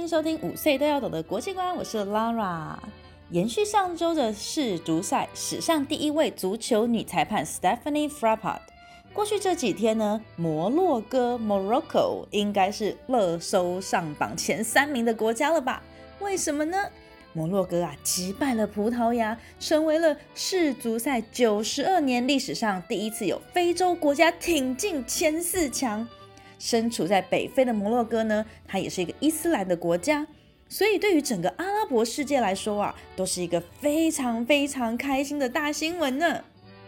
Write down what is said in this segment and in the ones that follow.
歡迎收聽《五歲都要懂的國際觀》，我是 Lara。延續上周的世足賽，史上第一位足球女裁判 Stephanie Frappart。過去這幾天呢，摩洛哥 Morocco 應該是熱搜上榜前三名的國家了吧？為什麼呢？摩洛哥啊擊敗了葡萄牙，成為了世足賽九十二年歷史上第一次有非洲國家挺進前四強。身處在北非的摩洛哥呢，它也是一個伊斯蘭的國家，所以對於整個阿拉伯世界來說啊，都是一個非常非常開心的大新聞呢。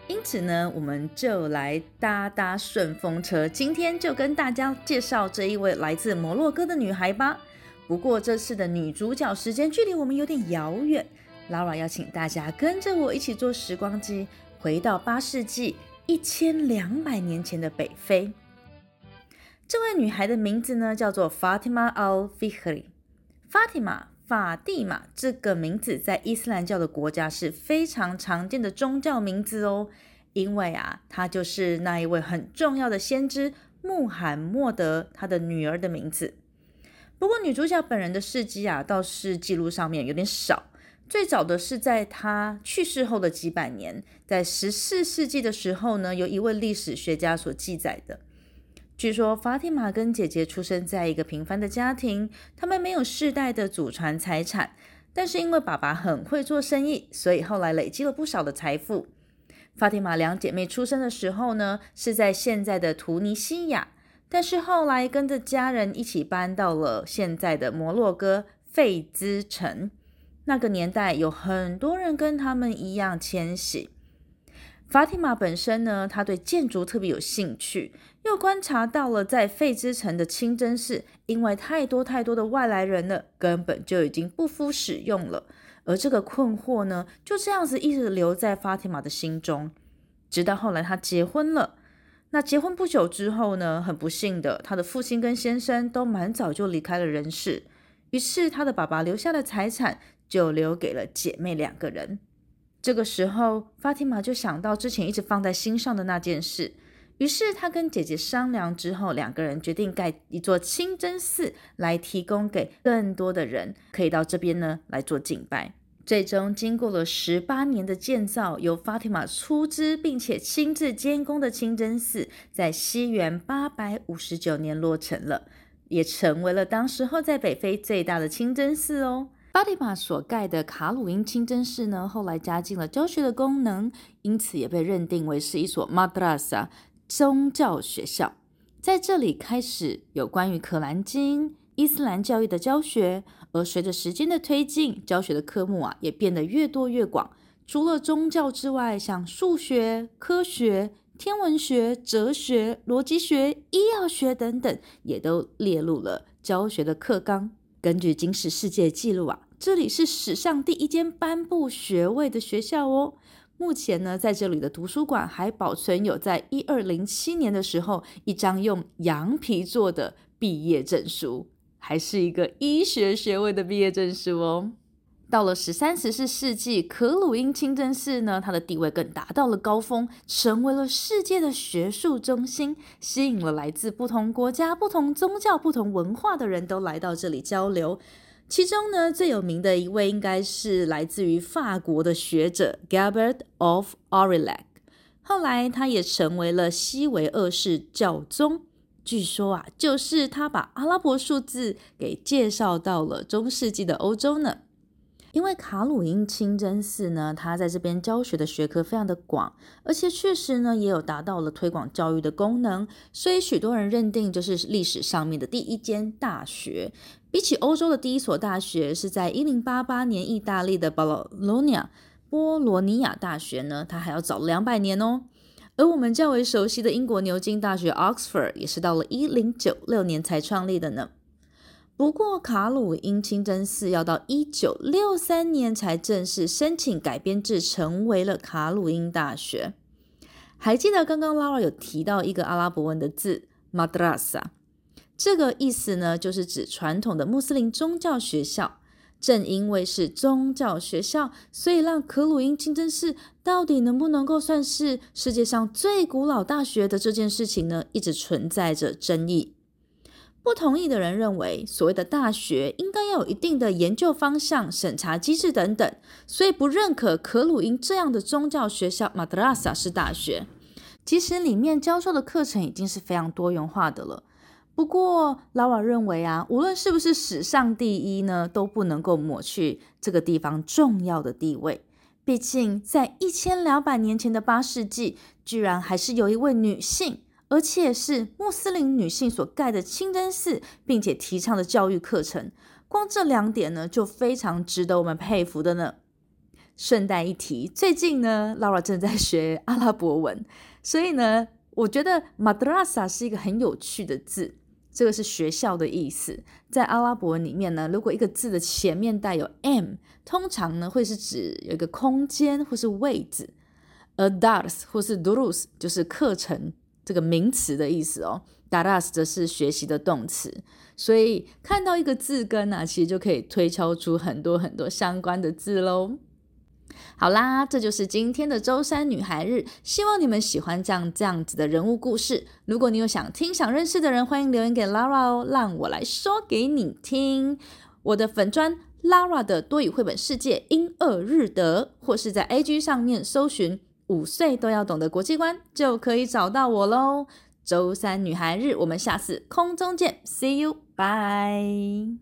因此呢，我們就來搭搭順風車，今天就跟大家介紹這一位來自摩洛哥的女孩吧。不過這次的女主角時間距離我們有點遙遠，Lara 要請大家跟着我一起坐時光機，回到八世紀一千兩百年前的北非。這位女孩的名字呢，叫做 Fatima Al-Fihri。Fatima，法蒂瑪這個名字在伊斯蘭教的國家是非常常見的宗教名字哦，因為啊，她就是那一位很重要的先知穆罕默德他的女兒的名字。不過女主角本人的事蹟啊，倒是記錄上面有點少。最早的是在她去世後的幾百年，在十四世紀的時候呢，有一位歷史學家所記載的。據說，法蒂瑪跟姐姐出生在一個平凡的家庭，他們沒有世代的祖傳財產，但是因為爸爸很會做生意，所以後來累積了不少的財富。法蒂瑪兩姐妹出生的時候呢，是在現在的突尼西亞，但是後來跟着家人一起搬到了現在的摩洛哥費茲城。那個年代有很多人跟他們一樣遷徙。法提瑪本身呢，她對建築特別有興趣，又觀察到了在費茲城的清真寺，因為太多太多的外來人了，根本就已經不敷使用了。而這個困惑呢，就這樣子一直留在法蒂瑪的心中，直到後來她結婚了。那結婚不久之後呢，很不幸的，她的父親跟先生都蠻早就離開了人世，於是她的爸爸留下的財產就留給了姐妹兩個人。這個時候，法蒂瑪就想到之前一直放在心上的那件事，於是她跟姐姐商量之後，兩個人決定蓋一座清真寺來提供給更多的人，可以到這邊呢來做敬拜。最終，經過了十八年的建造，由法蒂瑪出資並且親自監工的清真寺，在西元八百五十九年落成了，也成為了當時候在北非最大的清真寺哦。法蒂瑪所蓋的卡魯因清真寺呢，後來加進了教學的功能，因此也被認定為是一所馬德拉薩宗教學校。在這裡開始有關於《可蘭經》伊斯蘭教育的教學，而隨着時間的推進，教學的科目啊也變得越多越廣。除了宗教之外，像數學、科學、天文學、哲學、邏輯學、醫藥學等等，也都列入了教學的課綱。根據金氏世界記錄啊，這裡是史上第一間頒布學位的學校哦。目前呢，在這裡的圖書館還保存有在一二零七年的時候一張用羊皮做的畢業證書，還是一個醫學學位的畢業證書哦。到了十三、十四世紀，可魯因清真寺呢，它的地位更達到了高峰，成為了世界的學術中心，吸引了來自不同國家、不同宗教、不同文化的人都來到這裡交流。其中呢，最有名的一位應該是來自於法國的學者 Gerbert of Aurillac，後來他也成為了西維二世教宗。據說啊，就是他把阿拉伯數字給介紹到了中世紀的歐洲呢。因為可魯因清真寺呢，它在這邊教學的學科非常的廣，而且確實呢也有達到了推廣教育的功能，所以許多人認定就是歷史上面的第一間大學。比起歐洲的第一所大學是在一零八八年意大利，的博羅尼亞波羅尼亞大學呢，它還要早了兩百年哦。而我們較為熟悉的英國牛津大學 Oxford 也是到了一零九六年才創立的呢。不過，卡魯因清真寺要到一九六三年才正式申請改編制成為了卡魯因大學。還記得剛剛 Lara 有提到一個阿拉伯文的字 Madrasa，這個意思呢，就是指傳統的穆斯林宗教學校。正因為是宗教學校，所以讓卡魯因清真寺到底能不能夠算是世界上最古老大學的這件事情呢，一直存在着爭議。不同意的人認為，所謂的大學應該要有一定的研究方向、審查機制等等，所以不認可可魯因這樣的宗教學校馬德拉薩是大學。其實裡面教授的課程已經是非常多元化的了。不過 Lara 認為啊，無論是不是史上第一呢，都不能夠抹去這個地方重要的地位。畢竟在一千兩百年前的八世紀，居然還是有一位女性。而且是穆斯林女性所蓋的清真寺，並且提倡的教育課程，光這兩點呢，就非常值得我們佩服的呢。順帶一提，最近呢，Lara 正在學阿拉伯文，所以呢，我覺得 Madrasa 是一個很有趣的字，這個是學校的意思。在阿拉伯文裡面呢，如果一個字的前面帶有 m，通常呢會是指有一個空間或是位置，而 dars 或是 durus 就是課程。這個名詞的意思哦，dars 是學習的動詞，所以看到一個字根呢、啊，其實就可以推敲出很多很多相關的字嘍。好啦，這就是今天的周三女孩日，希望你們喜歡這樣這樣子的人物故事。如果你有想聽、想認識的人，歡迎留言給 Lara 哦，讓我來說給你聽。我的粉專 Lara 的多語繪本世界英、俄、日、德，或是在 IG 上面搜尋。五歲都要懂的國際觀，就可以找到我嘍。週三女孩日，我們下次空中見，See you，bye。